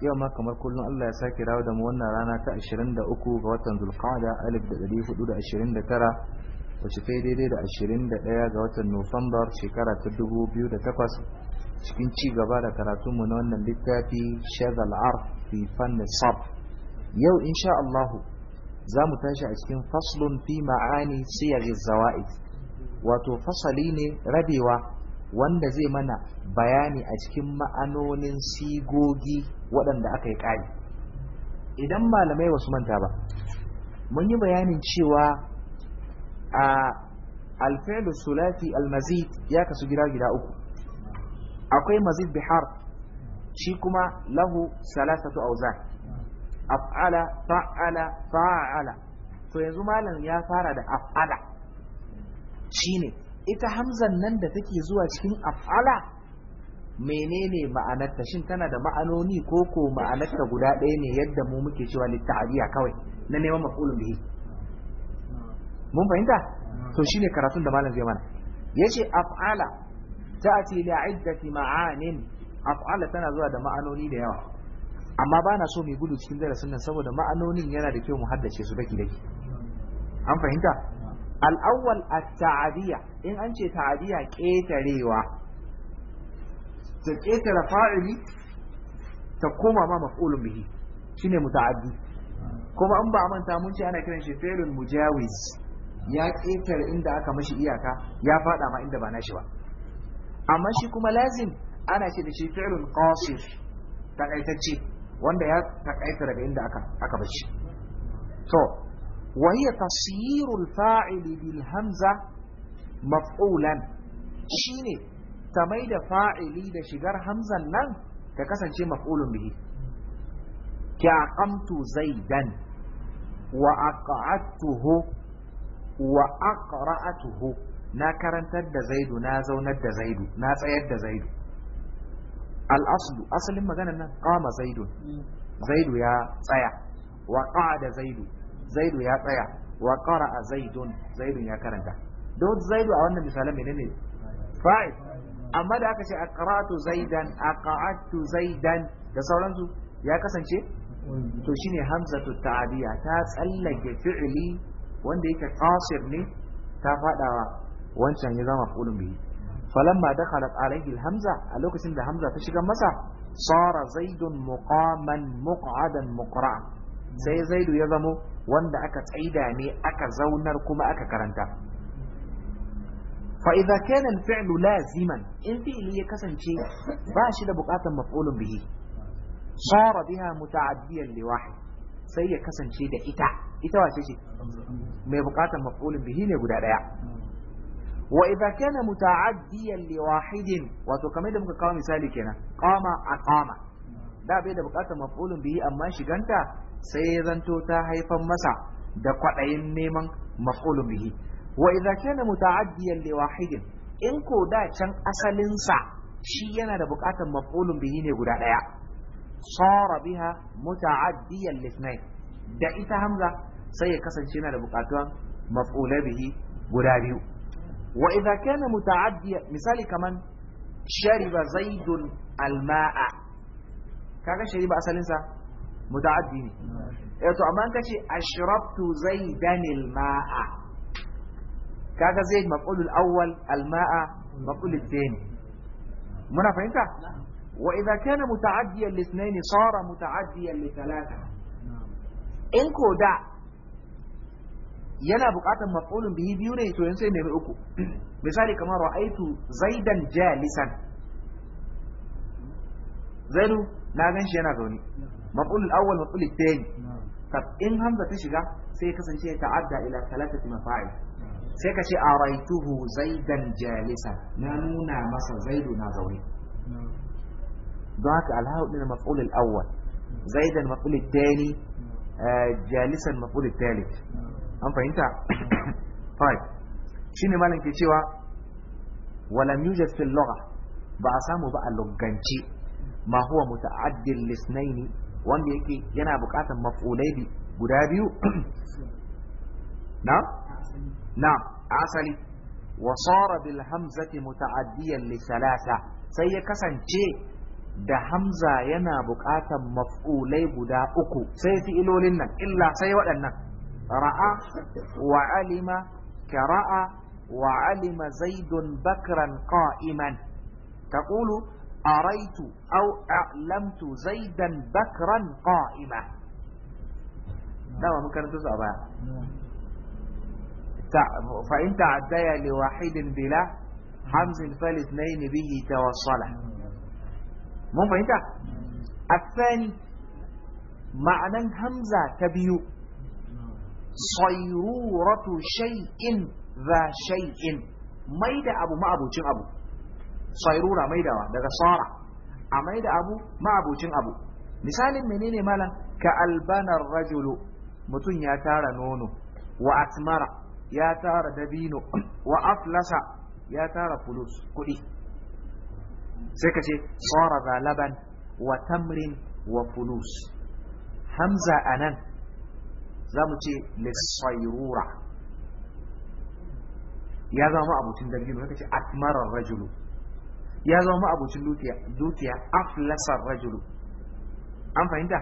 yau ma kamar kullum Allah ya sake dawo da mu wannan rana ta 23 ga watan Zulqa'ada 1429 wacce ta daidai da 21 ga watan Nuwambar shekara ta 2008 cikin ci gaba da karatun mu na wannan littafi Shagal Arf fi Fann Sab yau insha Allah za mu tashi a cikin faslun fi ma'ani siyar zawaid wato fasali ne rabewa wanda zai mana bayani a cikin ma'anonin sigogi waɗanda aka yi ƙari idan malamai wasu manta ba mun yi bayanin cewa a alfailu sulati almazid ya kasu gida gida uku akwai mazid bihar shi kuma lahu salasatu auza af'ala fa'ala fa'ala to yanzu malam ya fara da af'ala shine ita hamzan nan da take zuwa cikin af'ala menene ma'anarta shin tana da ma'anoni ko ko ma'anarta guda ɗaya ne yadda mu muke cewa litta'ariya kawai na neman maf'ulun bihi mun fahimta to shine karatun da malam zai mana yace af'ala ta'ati iddati ma'anin af'ala tana zuwa da ma'anoni da yawa amma ba na so mai gudu cikin darasin nan saboda ma'anonin yana da kyau mu haddace su daki daki an fahimta al'awwal a taadiyya in an ce ta'adiyya ƙetarewa ta ƙetare fa'ili ta koma ma maf'ulun bihi shine muta'addi kuma in ba a manta mun ce ana kiran shi fi'lun mujawiz ya ƙetare inda aka mashi iyaka ya faɗa ma inda ba shi ba amma shi kuma lazim ana ce da shi fi'lun qasir takaitacce wanda ya taƙaita daga inda aka aka bashi to وهي تصيير الفاعل بالهمزة مفعولا شيني تميد فاعلي دا شجر همزة نن ككسن شي مفعول به كأقمت زيدا وأقعدته وأقرأته نكرنت دا زيد نازونت دا زيد ناسيت دا زيد الأصل أصل ما قام زيد زيد يا سيا وقعد زيد zaidu ya tsaya wa a zaidun zaidun ya karanta don zaidu a wannan mai menene fa'il amma da aka ce karatu zaidan karatu zaidan da sauransu ya kasance to shine hamzatu ta'diya ta tsallake fi'ili wanda yake qasir ne ta fadawa wancan ya zama fulun bihi falamma dakhalat alayhi alhamza a lokacin da hamza ta shiga masa sara zaidun muqaman muq'adan muqra sai zaidu ya zamo wanda aka tsaida ne aka zaunar kuma aka karanta fa'iza kenan fi'lu laziman in fi'li ya kasance ba shi da bukatan maf'ulun bihi sara biha muta'addiyan li wahid sai ya kasance da ita ita wace ce mai bukatan maf'ulun bihi ne guda ɗaya wa idza kana muta'addiyan li wahidin wato kamar da muka kawo misali kenan qama aqama da bai da buƙatar maf'ulun bihi amma shiganta sai ya zanto ta haifan masa da kwaɗayin neman maf'ulun bihi wa idza kana muta'addiyan li wahidin in ko da can asalinsa shi yana da buƙatar maf'ulun bihi ne guda ɗaya sara biha muta'addiyan li da ita hamza sai ya kasance yana da buƙatuwan maf'ula bihi guda biyu wa idza kana muta'addiyan misali kaman shariba zaidun alma'a kaga shariba asalinsa? muta'addi ne eh to amma ka ce ashrabtu zaidan alma'a kaga zai maqulul awwal alma'a maqulul thani muna fahimta wa idza kana muta'addiyan li ithnayn sara muta'addiyan li thalatha in ko da yana buƙatar maqulun bihi biyu ne to yanzu sai mai uku misali kamar ra'aitu zaidan jalisan zaidu na gan shi yana zaune maf'ulul awwal maf'ulul thani tab in hamza ta shiga sai ya kasance ya ta'adda ila thalathati mafa'il sai ka ce araituhu zaidan jalisa na nuna masa zaidu na zaune don haka alhawu din maf'ulul awwal zaidan maf'ulul thani jalisan maf'ulul thalith an fahimta fine shine malam ke cewa walam yujad fil lugha ba a samu ba a luggance ma huwa muta'addil lisnaini wanda yake yana buƙatar maf'ulai bi guda biyu na na asali wa sara bil hamzati muta'addiyan li salasa sai ya kasance da hamza yana buƙatar maf'ulai guda uku sai fi'ilolin nan illa sai waɗannan ra'a wa alima kara'a wa alima zaidun bakran qa'iman taqulu أريت أو أعلمت زيدا بكرا قائمة نعم ممكن بها فإن تعدي لواحد بلا حمز فالاثنين به توصلا مو فهمت الثاني معنى همزة تبيو صيرورة شيء ذا شيء ميد أبو ما أبو شيء أبو sairura maidawa daga sara a maida abu ma'abucin abu misalin menene malam ka albanar rajulu mutum ya tara nono wa atmara ya tara dabino wa aflasa ya tara fulus kuɗi sai ka ce tsara za laban wa tamrin wa fulus hamza nan za mu ce lissairura ya zama abutin dabino ya ce atmarar rajulu ya zama ma'abucin dukiya dukiya aflasar rajulu an fahimta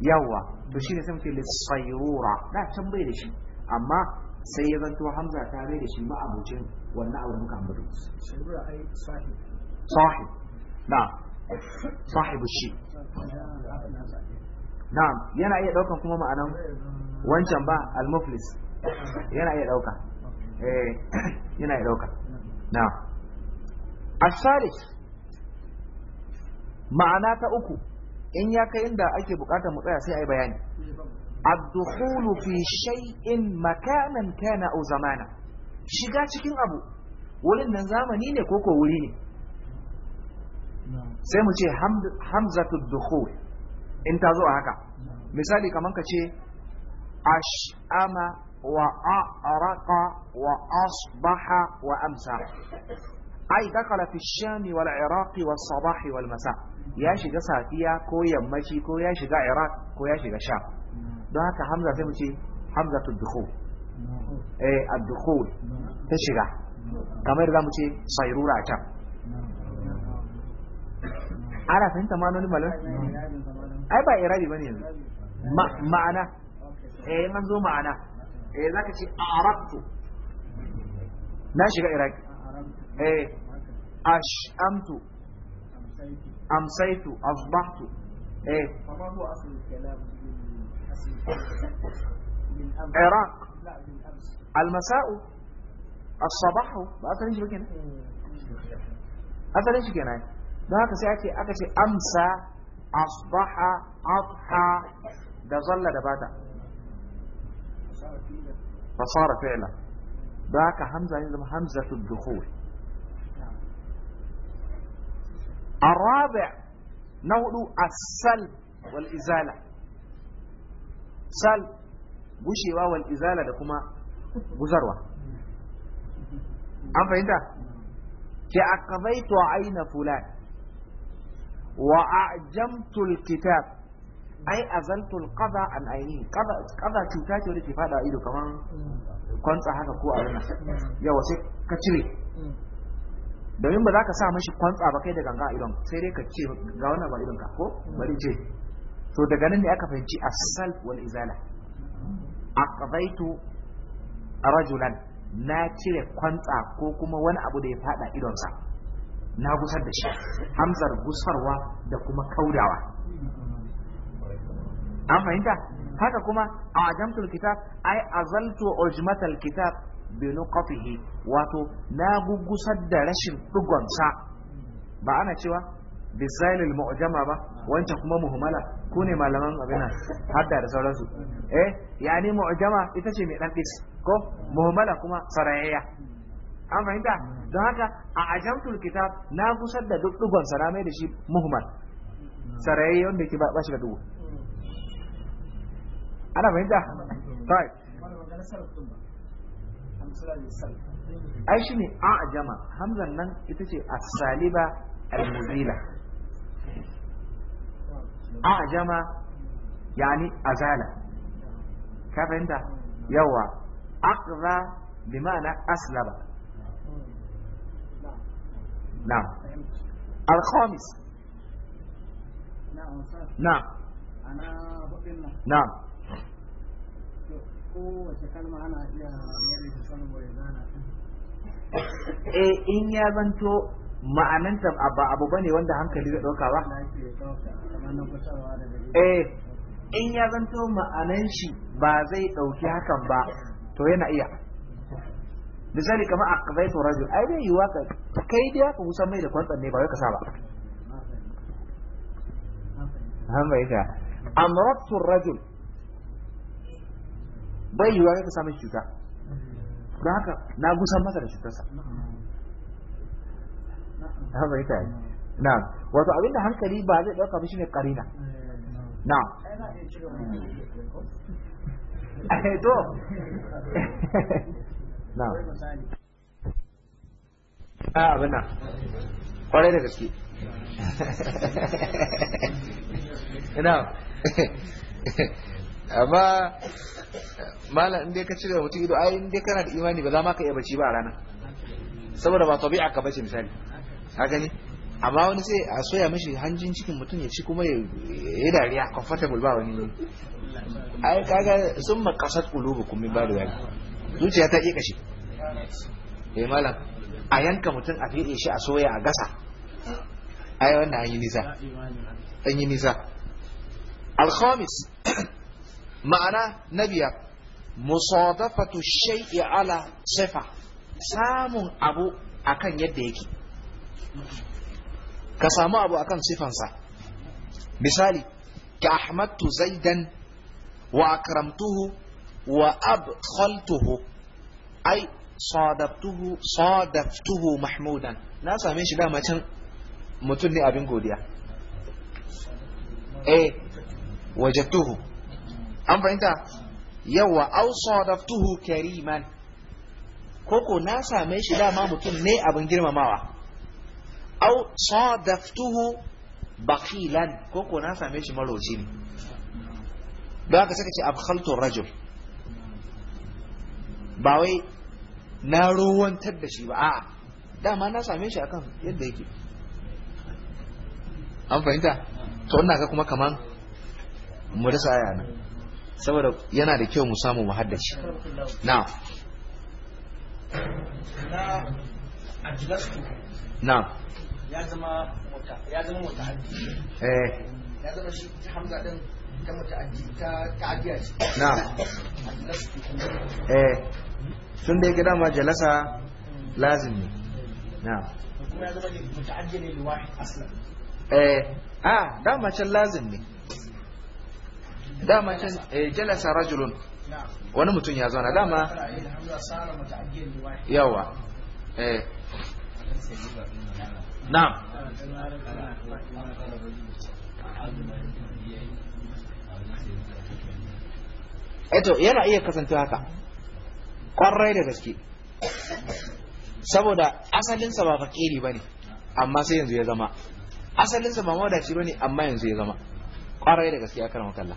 yawa to shi ne sai muke lissayrura da can bai da shi amma sai ya zanto hamza ta bai da shi ma'abucin wannan da muka ambata sayrura ai sahib sahib na sahibu shi na yana iya daukan kuma ma'anan wancan ba al-muflis yana iya dauka eh yana iya dauka na'am asalis ma'ana ta uku in ya kai inda ake bukatar mu tsaya sai a yi bayani addukhulu fi shay'in makanan kana au zamana shiga cikin abu wurin nan zamani ne koko wuri ne sai mu ce hamzatu dukhul in ta zo a haka misali kamar ka ce ash'ama wa araqa wa asbaha wa amsa ai dakala fi shami wal iraqi was sabah wal masa ya shiga safiya ko yammaci ko ya shiga iraq ko ya shiga sham don haka hamza sai mu ce hamzatu dukhul eh ad-dukhul ta shiga kamar za mu ce sairura ta ana fahimta manonin malar ai ba irabi bane yanzu ma'ana eh man zo ma'ana eh zaka ce arabtu na shiga iraki eh ash'amtu amsaitu asbahtu eh fama huwa asl al-kalam min iraq al-masa'u as-sabah ba asalin shi kenan asalin shi kenan don haka sai ake aka ce amsa asbaha adha da zalla da bata fasara fi'la don haka hamza ne zama hamzatul dukhul arabe na hudu a sal wal izala sal gushewa wal da kuma guzarwa an fahimta ke a kabaito aina fulan wa a jamtul kitab ai a zantul kaza an aini kaza cuta ce wadda ke fada ido kamar kwantsa haka ko a yau sai ka cire domin ba za ka sa mashi kwantsa ba kai da ganga a idon sai dai ka ce ga wannan ba idon ka ko bari je to daga nan ne aka fahimci asal wal izala aqdaitu rajulan na cire kwantsa ko kuma wani abu da ya fada idonsa na gusar da shi hamzar gusarwa da kuma kaudawa an fahimta haka kuma a ajamtul kitab ai azaltu ujmatal kitab bi nuqatihi wato na gugusar da rashin ɗigonsa ba ana cewa bisailil mu'jama ba wancan kuma muhammala ku ne malaman abinan hadda da sauransu eh yani mu'jama ita ce mai ɗan ko muhammala kuma sarayayya an fahimta don haka a ajamtul kitab na gusar da duk ɗigonsa na mai da shi muhammal sarayayya wanda ke ba shi da dubu ana fahimta? ai shi ne a jama hamzan nan ita ce as-saliba al-muzila a jama yani azala ka fahimta yawa aqza bi ma'ana aslaba na'am al-khamis na'am na'am na'am kowace kalma ana iya eh, in ya zanto ma'ananta ba abu bane wanda hankali zai dauka ba eh in ya zanto ma'anan shi ba zai dauki hakan ba to yana iya misali kamar to rajul ai dai yiwa ka kai dai ka musan mai da kwantsan ne ba wai ka saba ba an bai ka amratu rajul bai yiwa ya ka samu cuta don haka na gusan masa da cutarsa haka ita yi na wato abinda hankali ba zai dauka ba shine karina na eh, to na a ah, abin nan kwarai da gaske na amma mala in dai ka cire mutum ido ai in dai kana da imani ba za ma ka iya bacci ba a rana saboda ba tabi'a ka bace misali ka gani. amma wani sai a soya mashi hanjin cikin mutum ya ci kuma ya yi dariya comfortable ba wani ai kaga sun makasat kulubu kun min ba da zaki zuciya ta iya shi eh malam a yanka mutum a fiye shi a soya a gasa ai wannan an yi nisa an yi nisa al-khamis ma'ana na biyar musadafatu shay'i ala sifa samun abu akan yadda yake ka samu abu akan sifansa misali ka ahmadtu zaidan wa akramtuhu wa abkhaltuhu ai sadaftuhu sadaftuhu mahmudan na same shi dama can mutum ne abin godiya eh wajatuhu an fahimta yawa aw sadaftuhu kariman koko na same shi dama mutum ne abin girmamawa aw sadaftuhu bakilan koko na same shi maroci ne don haka saka ce abkhaltu rajul ba wai na ruwan da shi ba a'a dama na same shi akan yadda yake an fahimta to ina ga kuma kaman mu rasa aya nan saboda yana da kyau mu samu mu haddace na na ya zama ya zama eh ya zama shi hamza din ta ta na eh tun da yake dama jalasa lazimi na kuma ya zama ne liwahid aslan eh ah dama can lazim ne dama can eh, jalasa rajulun wani mutum ya zauna dama yawa eh na'am eto eh yana iya kasancewa haka kwarai da gaske saboda asalinsa ba fakiri ba ne amma sai yanzu ya zama asalinsa ba mawadaci ba ne amma yanzu ya zama kwarai da gaske a karan wakalla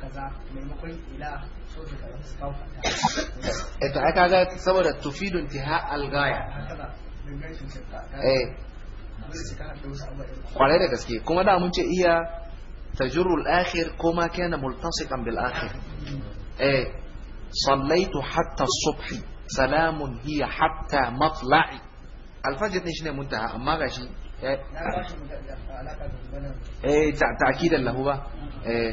kaza da ita haka ga saboda tufidun tiha algaya eh. kwarai da gaske kuma da mun ce iya tajurul akhir ko kana bil akhir mm. eh sallaitu hatta subhi salamun hiya hatta matla'i alfajir ne shine muntaha amma gashi eh lahu ba eh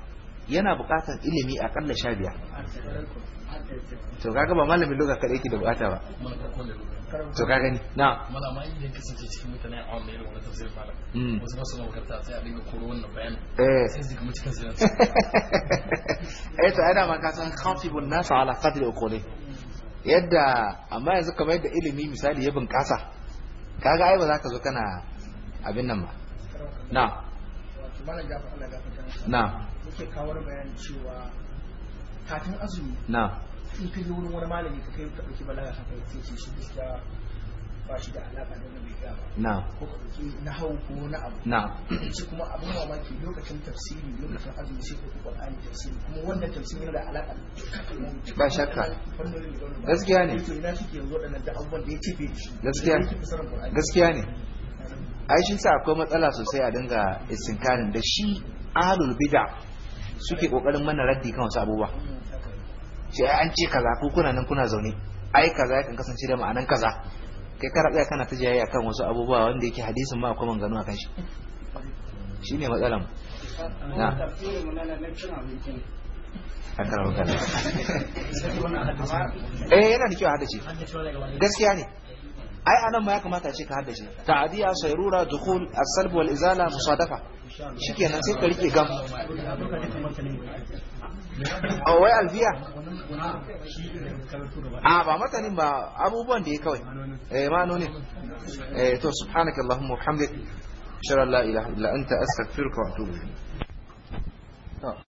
yana buƙatar ilimi a kalla sha biyar to kaga ba malamin loga kada yake da bukata ba to ka gani na malama idan sace cikin mutane a wannan irin wani tafsir malam hmm. wasu ba su makarta sai a dinga koro wannan bayan eh sai su kuma cikin sinan eh to ana ma ka san na sa ala qadri uquli yadda amma yanzu kamar yadda ilimi misali ya bunkasa kaga ai ba za ka zo kana abin nan ba na na kuke kawar bayani cewa kafin azumi na in ka je wurin wani malami ka kai ka ɗauki balaga ka kai sai shi gaskiya ba shi da alaƙa da wani bai ba na ko ka ɗauki na hau ko na abu na ce kuma abin mamaki lokacin tafsiri lokacin azumi sai ka ɗauki ƙwarƙani tafsiri kuma wannan tafsiri yana da alaƙa da ba shakka gaskiya ne ya yanzu waɗannan da gaskiya gaskiya ne ai shi sa akwai matsala sosai a dinga istinkarin da shi ahlul bid'a suke kokarin mana raddi kan wasu abubuwa ai an ce kaza ko kuna nan kuna zaune ai kaza ya kan kasance da ma'anan kaza kai ka ratsaya kana ta jayayya kan wasu abubuwa wanda yake hadisin ma akwai a kan shi shine mu, na akara maka eh yana da kyau haddace gaskiya ne ai anan ma ya kamata ce ka haddace ta'diya sayrura dukhul as-salb wal izala musadafa shikenan sai ka rike gam a oh, wai a ah, ba matanin ba abubuwan da ya kawai eh manonin eh to subhanakallahumma wa bihamdik shara la ilaha astaghfiruka wa atubu